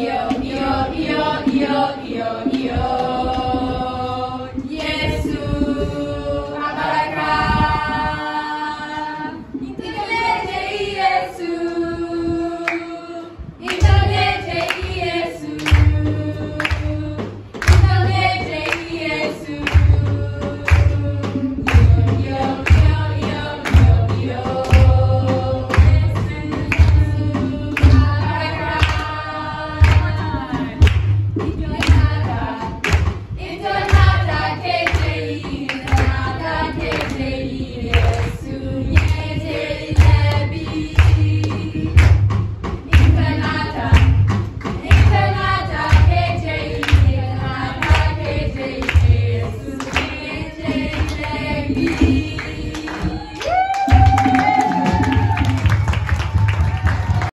Yo, yo, yo, yo, yo, yo. baby.